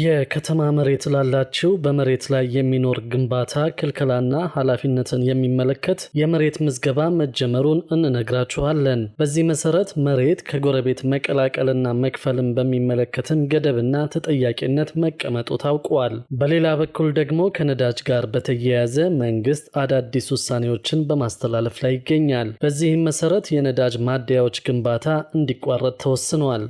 የከተማ መሬት ላላቸው በመሬት ላይ የሚኖር ግንባታ ክልከላና ኃላፊነትን የሚመለከት የመሬት ምዝገባ መጀመሩን እንነግራችኋለን። በዚህ መሰረት መሬት ከጎረቤት መቀላቀልና መክፈልን በሚመለከትም ገደብና ተጠያቂነት መቀመጡ ታውቋል። በሌላ በኩል ደግሞ ከነዳጅ ጋር በተያያዘ መንግስት አዳዲስ ውሳኔዎችን በማስተላለፍ ላይ ይገኛል። በዚህም መሰረት የነዳጅ ማደያዎች ግንባታ እንዲቋረጥ ተወስኗል።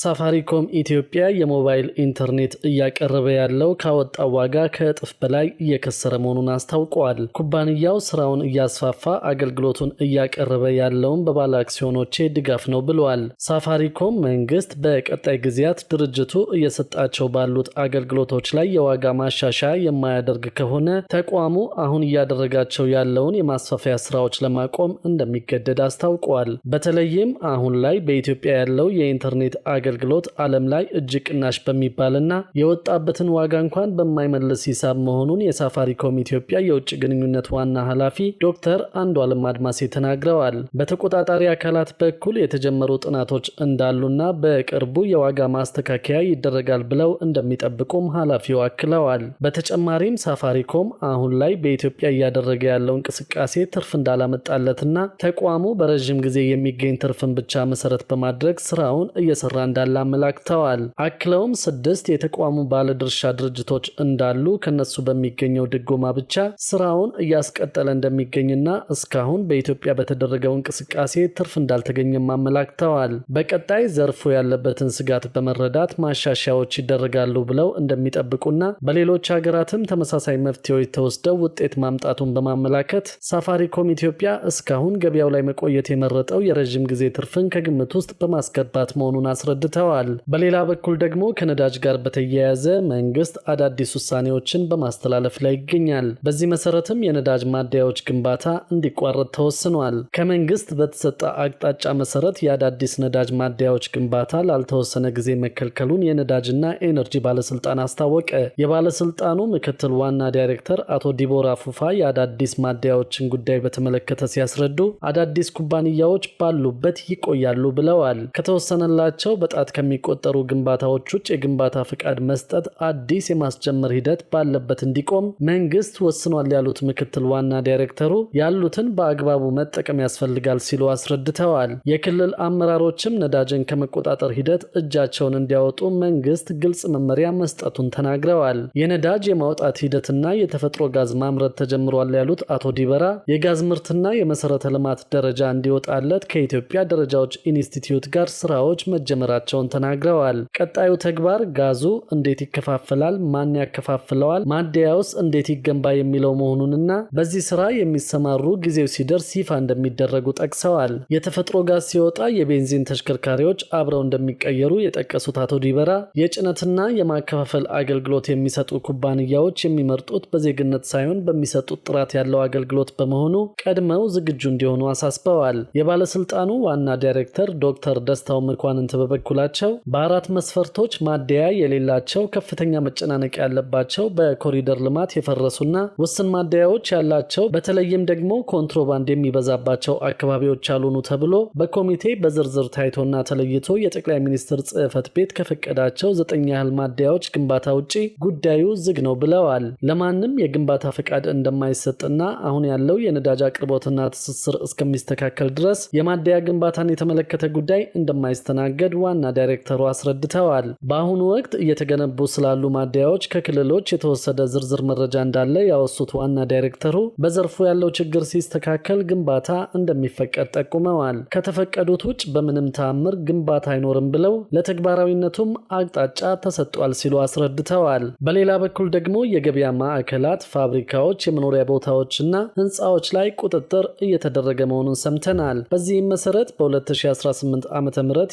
ሳፋሪኮም ኢትዮጵያ የሞባይል ኢንተርኔት እያቀረበ ያለው ካወጣው ዋጋ ከእጥፍ በላይ እየከሰረ መሆኑን አስታውቀዋል። ኩባንያው ስራውን እያስፋፋ አገልግሎቱን እያቀረበ ያለውን በባለ አክሲዮኖቼ ድጋፍ ነው ብለዋል። ሳፋሪኮም መንግስት በቀጣይ ጊዜያት ድርጅቱ እየሰጣቸው ባሉት አገልግሎቶች ላይ የዋጋ ማሻሻያ የማያደርግ ከሆነ ተቋሙ አሁን እያደረጋቸው ያለውን የማስፋፊያ ስራዎች ለማቆም እንደሚገደድ አስታውቀዋል። በተለይም አሁን ላይ በኢትዮጵያ ያለው የኢንተርኔት አገልግሎት ዓለም ላይ እጅግ ቅናሽ በሚባልና የወጣበትን ዋጋ እንኳን በማይመልስ ሂሳብ መሆኑን የሳፋሪኮም ኢትዮጵያ የውጭ ግንኙነት ዋና ኃላፊ ዶክተር አለም አድማሴ ተናግረዋል። በተቆጣጣሪ አካላት በኩል የተጀመሩ ጥናቶች እንዳሉና በቅርቡ የዋጋ ማስተካከያ ይደረጋል ብለው እንደሚጠብቁም ኃላፊው አክለዋል። በተጨማሪም ሳፋሪኮም አሁን ላይ በኢትዮጵያ እያደረገ ያለው እንቅስቃሴ ትርፍ እንዳላመጣለትና ተቋሙ በረዥም ጊዜ የሚገኝ ትርፍን ብቻ መሰረት በማድረግ ስራውን እየሰራ እንዳለ አመላክተዋል። አክለውም ስድስት የተቋሙ ባለድርሻ ድርጅቶች እንዳሉ ከነሱ በሚገኘው ድጎማ ብቻ ስራውን እያስቀጠለ እንደሚገኝና እስካሁን በኢትዮጵያ በተደረገው እንቅስቃሴ ትርፍ እንዳልተገኘም አመላክተዋል። በቀጣይ ዘርፉ ያለበትን ስጋት በመረዳት ማሻሻያዎች ይደረጋሉ ብለው እንደሚጠብቁና በሌሎች ሀገራትም ተመሳሳይ መፍትሄዎች ተወስደው ውጤት ማምጣቱን በማመላከት ሳፋሪኮም ኢትዮጵያ እስካሁን ገበያው ላይ መቆየት የመረጠው የረዥም ጊዜ ትርፍን ከግምት ውስጥ በማስገባት መሆኑን አስረድ አስረድተዋል። በሌላ በኩል ደግሞ ከነዳጅ ጋር በተያያዘ መንግስት አዳዲስ ውሳኔዎችን በማስተላለፍ ላይ ይገኛል። በዚህ መሰረትም የነዳጅ ማደያዎች ግንባታ እንዲቋረጥ ተወስኗል። ከመንግስት በተሰጠ አቅጣጫ መሰረት የአዳዲስ ነዳጅ ማደያዎች ግንባታ ላልተወሰነ ጊዜ መከልከሉን የነዳጅና ኤነርጂ ባለስልጣን አስታወቀ። የባለስልጣኑ ምክትል ዋና ዳይሬክተር አቶ ዲቦራ ፉፋ የአዳዲስ ማደያዎችን ጉዳይ በተመለከተ ሲያስረዱ አዳዲስ ኩባንያዎች ባሉበት ይቆያሉ ብለዋል። ከተወሰነላቸው በጣም በጣት ከሚቆጠሩ ግንባታዎች ውጭ የግንባታ ፍቃድ መስጠት አዲስ የማስጀመር ሂደት ባለበት እንዲቆም መንግስት ወስኗል ያሉት ምክትል ዋና ዳይሬክተሩ ያሉትን በአግባቡ መጠቀም ያስፈልጋል ሲሉ አስረድተዋል። የክልል አመራሮችም ነዳጅን ከመቆጣጠር ሂደት እጃቸውን እንዲያወጡ መንግስት ግልጽ መመሪያ መስጠቱን ተናግረዋል። የነዳጅ የማውጣት ሂደትና የተፈጥሮ ጋዝ ማምረት ተጀምሯል ያሉት አቶ ዲበራ የጋዝ ምርትና የመሰረተ ልማት ደረጃ እንዲወጣለት ከኢትዮጵያ ደረጃዎች ኢንስቲትዩት ጋር ስራዎች መጀመራል መጀመራቸውን ተናግረዋል። ቀጣዩ ተግባር ጋዙ እንዴት ይከፋፈላል፣ ማን ያከፋፍለዋል፣ ማደያውስ እንዴት ይገንባ የሚለው መሆኑንና በዚህ ስራ የሚሰማሩ ጊዜው ሲደርስ ይፋ እንደሚደረጉ ጠቅሰዋል። የተፈጥሮ ጋዝ ሲወጣ የቤንዚን ተሽከርካሪዎች አብረው እንደሚቀየሩ የጠቀሱት አቶ ዲበራ የጭነትና የማከፋፈል አገልግሎት የሚሰጡ ኩባንያዎች የሚመርጡት በዜግነት ሳይሆን በሚሰጡት ጥራት ያለው አገልግሎት በመሆኑ ቀድመው ዝግጁ እንዲሆኑ አሳስበዋል። የባለስልጣኑ ዋና ዳይሬክተር ዶክተር ደስታው መኳንንት በበኩ በበኩላቸው በአራት መስፈርቶች ማደያ የሌላቸው ከፍተኛ መጨናነቅ ያለባቸው በኮሪደር ልማት የፈረሱና ውስን ማደያዎች ያላቸው በተለይም ደግሞ ኮንትሮባንድ የሚበዛባቸው አካባቢዎች ያልሆኑ ተብሎ በኮሚቴ በዝርዝር ታይቶና ተለይቶ የጠቅላይ ሚኒስትር ጽህፈት ቤት ከፈቀዳቸው ዘጠኝ ያህል ማደያዎች ግንባታ ውጪ ጉዳዩ ዝግ ነው ብለዋል። ለማንም የግንባታ ፈቃድ እንደማይሰጥና አሁን ያለው የነዳጅ አቅርቦትና ትስስር እስከሚስተካከል ድረስ የማደያ ግንባታን የተመለከተ ጉዳይ እንደማይስተናገድ ዋ ዋና ዳይሬክተሩ አስረድተዋል። በአሁኑ ወቅት እየተገነቡ ስላሉ ማደያዎች ከክልሎች የተወሰደ ዝርዝር መረጃ እንዳለ ያወሱት ዋና ዳይሬክተሩ በዘርፉ ያለው ችግር ሲስተካከል ግንባታ እንደሚፈቀድ ጠቁመዋል። ከተፈቀዱት ውጭ በምንም ተአምር ግንባታ አይኖርም ብለው ለተግባራዊነቱም አቅጣጫ ተሰጥቷል ሲሉ አስረድተዋል። በሌላ በኩል ደግሞ የገበያ ማዕከላት፣ ፋብሪካዎች፣ የመኖሪያ ቦታዎችና ህንፃዎች ላይ ቁጥጥር እየተደረገ መሆኑን ሰምተናል። በዚህም መሰረት በ2018 ዓ ም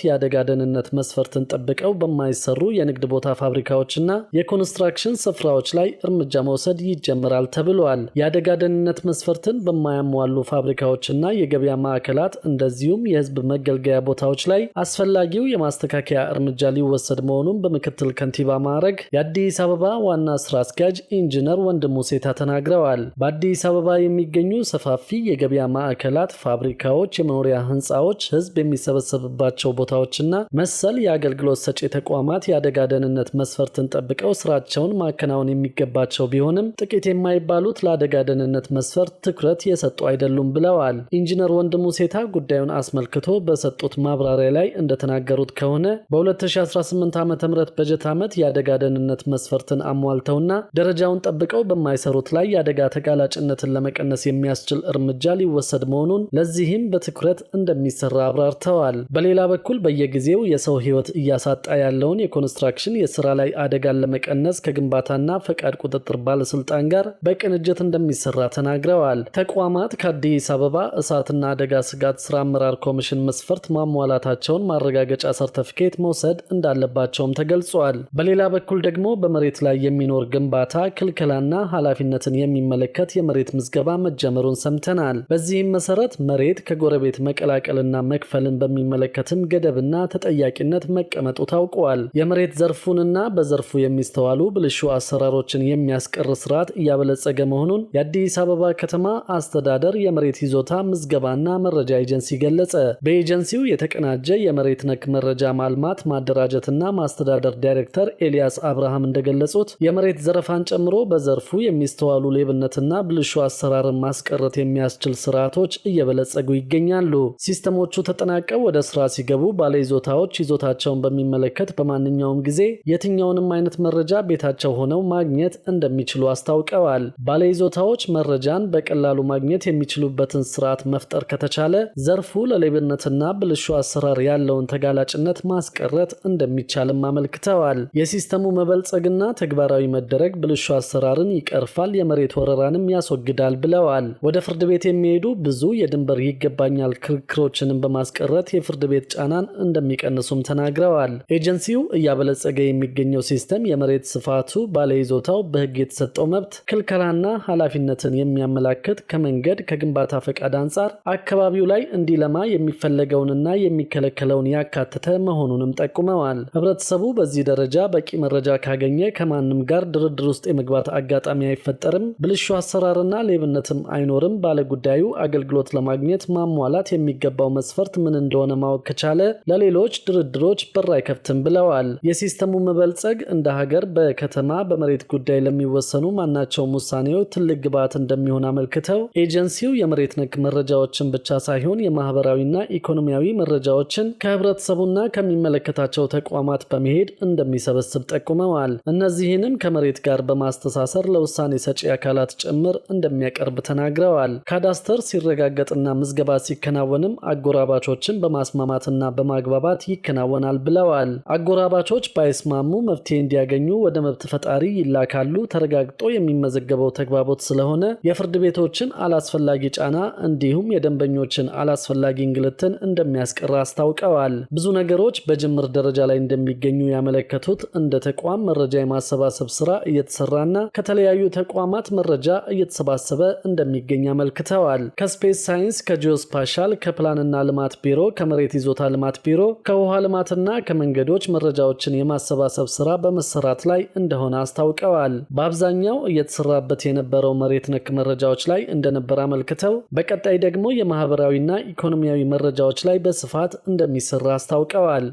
የአደጋ ደህንነት የደህንነት መስፈርትን ጠብቀው በማይሰሩ የንግድ ቦታ ፋብሪካዎችና የኮንስትራክሽን ስፍራዎች ላይ እርምጃ መውሰድ ይጀምራል ተብሏል። የአደጋ ደህንነት መስፈርትን በማያሟሉ ፋብሪካዎችና የገበያ ማዕከላት እንደዚሁም የህዝብ መገልገያ ቦታዎች ላይ አስፈላጊው የማስተካከያ እርምጃ ሊወሰድ መሆኑን በምክትል ከንቲባ ማዕረግ የአዲስ አበባ ዋና ስራ አስኪያጅ ኢንጂነር ወንድሙ ሴታ ተናግረዋል። በአዲስ አበባ የሚገኙ ሰፋፊ የገበያ ማዕከላት፣ ፋብሪካዎች፣ የመኖሪያ ህንፃዎች፣ ህዝብ የሚሰበሰብባቸው ቦታዎችና መሰል የአገልግሎት ሰጪ ተቋማት የአደጋ ደህንነት መስፈርትን ጠብቀው ስራቸውን ማከናወን የሚገባቸው ቢሆንም ጥቂት የማይባሉት ለአደጋ ደህንነት መስፈርት ትኩረት የሰጡ አይደሉም ብለዋል። ኢንጂነር ወንድሙ ሴታ ጉዳዩን አስመልክቶ በሰጡት ማብራሪያ ላይ እንደተናገሩት ከሆነ በ2018 ዓ ም በጀት ዓመት የአደጋ ደህንነት መስፈርትን አሟልተውና ደረጃውን ጠብቀው በማይሰሩት ላይ የአደጋ ተጋላጭነትን ለመቀነስ የሚያስችል እርምጃ ሊወሰድ መሆኑን ለዚህም በትኩረት እንደሚሰራ አብራርተዋል። በሌላ በኩል በየጊዜው የሰው ሕይወት እያሳጣ ያለውን የኮንስትራክሽን የስራ ላይ አደጋን ለመቀነስ ከግንባታና ፈቃድ ቁጥጥር ባለስልጣን ጋር በቅንጅት እንደሚሰራ ተናግረዋል። ተቋማት ከአዲስ አበባ እሳትና አደጋ ስጋት ስራ አመራር ኮሚሽን መስፈርት ማሟላታቸውን ማረጋገጫ ሰርተፍኬት መውሰድ እንዳለባቸውም ተገልጿል። በሌላ በኩል ደግሞ በመሬት ላይ የሚኖር ግንባታ ክልከላና ኃላፊነትን የሚመለከት የመሬት ምዝገባ መጀመሩን ሰምተናል። በዚህም መሰረት መሬት ከጎረቤት መቀላቀልና መክፈልን በሚመለከትም ገደብና ተጠያ በጠያቂነት መቀመጡ ታውቋል። የመሬት ዘርፉንና በዘርፉ የሚስተዋሉ ብልሹ አሰራሮችን የሚያስቀር ስርዓት እያበለጸገ መሆኑን የአዲስ አበባ ከተማ አስተዳደር የመሬት ይዞታ ምዝገባና መረጃ ኤጀንሲ ገለጸ። በኤጀንሲው የተቀናጀ የመሬት ነክ መረጃ ማልማት ማደራጀትና ማስተዳደር ዳይሬክተር ኤልያስ አብርሃም እንደገለጹት የመሬት ዘረፋን ጨምሮ በዘርፉ የሚስተዋሉ ሌብነትና ብልሹ አሰራርን ማስቀረት የሚያስችል ስርዓቶች እየበለጸጉ ይገኛሉ። ሲስተሞቹ ተጠናቀው ወደ ስራ ሲገቡ ባለይዞታዎች መረጃዎች ይዞታቸውን በሚመለከት በማንኛውም ጊዜ የትኛውንም አይነት መረጃ ቤታቸው ሆነው ማግኘት እንደሚችሉ አስታውቀዋል። ባለይዞታዎች መረጃን በቀላሉ ማግኘት የሚችሉበትን ስርዓት መፍጠር ከተቻለ ዘርፉ ለሌብነትና ብልሹ አሰራር ያለውን ተጋላጭነት ማስቀረት እንደሚቻልም አመልክተዋል። የሲስተሙ መበልጸግና ተግባራዊ መደረግ ብልሹ አሰራርን ይቀርፋል፣ የመሬት ወረራንም ያስወግዳል ብለዋል። ወደ ፍርድ ቤት የሚሄዱ ብዙ የድንበር ይገባኛል ክርክሮችንም በማስቀረት የፍርድ ቤት ጫናን እንደሚቀ እንደሚቀንሱም ተናግረዋል። ኤጀንሲው እያበለጸገ የሚገኘው ሲስተም የመሬት ስፋቱ፣ ባለይዞታው፣ በህግ የተሰጠው መብት፣ ክልከላና ኃላፊነትን የሚያመላክት ከመንገድ ከግንባታ ፈቃድ አንጻር አካባቢው ላይ እንዲለማ የሚፈለገውንና የሚከለከለውን ያካተተ መሆኑንም ጠቁመዋል። ህብረተሰቡ በዚህ ደረጃ በቂ መረጃ ካገኘ ከማንም ጋር ድርድር ውስጥ የመግባት አጋጣሚ አይፈጠርም፣ ብልሹ አሰራርና ሌብነትም አይኖርም። ባለጉዳዩ አገልግሎት ለማግኘት ማሟላት የሚገባው መስፈርት ምን እንደሆነ ማወቅ ከቻለ ለሌሎች ድርድሮች በር አይከፍትም ብለዋል። የሲስተሙ መበልጸግ እንደ ሀገር በከተማ በመሬት ጉዳይ ለሚወሰኑ ማናቸውም ውሳኔዎች ትልቅ ግብዓት እንደሚሆን አመልክተው ኤጀንሲው የመሬት ነክ መረጃዎችን ብቻ ሳይሆን የማህበራዊና ኢኮኖሚያዊ መረጃዎችን ከህብረተሰቡና ከሚመለከታቸው ተቋማት በመሄድ እንደሚሰበስብ ጠቁመዋል። እነዚህንም ከመሬት ጋር በማስተሳሰር ለውሳኔ ሰጪ አካላት ጭምር እንደሚያቀርብ ተናግረዋል። ካዳስተር ሲረጋገጥና ምዝገባ ሲከናወንም አጎራባቾችን በማስማማትና በማግባባት ይከናወናል ብለዋል። አጎራባቾች ባይስማሙ መፍትሄ እንዲያገኙ ወደ መብት ፈጣሪ ይላካሉ። ተረጋግጦ የሚመዘገበው ተግባቦት ስለሆነ የፍርድ ቤቶችን አላስፈላጊ ጫና እንዲሁም የደንበኞችን አላስፈላጊ እንግልትን እንደሚያስቀር አስታውቀዋል። ብዙ ነገሮች በጅምር ደረጃ ላይ እንደሚገኙ ያመለከቱት እንደ ተቋም መረጃ የማሰባሰብ ስራ እየተሰራና ከተለያዩ ተቋማት መረጃ እየተሰባሰበ እንደሚገኝ አመልክተዋል። ከስፔስ ሳይንስ፣ ከጂኦስፓሻል፣ ከፕላንና ልማት ቢሮ፣ ከመሬት ይዞታ ልማት ቢሮ፣ ከ ከውሃ ልማትና ከመንገዶች መረጃዎችን የማሰባሰብ ስራ በመሰራት ላይ እንደሆነ አስታውቀዋል። በአብዛኛው እየተሰራበት የነበረው መሬት ነክ መረጃዎች ላይ እንደነበር አመልክተው በቀጣይ ደግሞ የማህበራዊና ኢኮኖሚያዊ መረጃዎች ላይ በስፋት እንደሚሰራ አስታውቀዋል።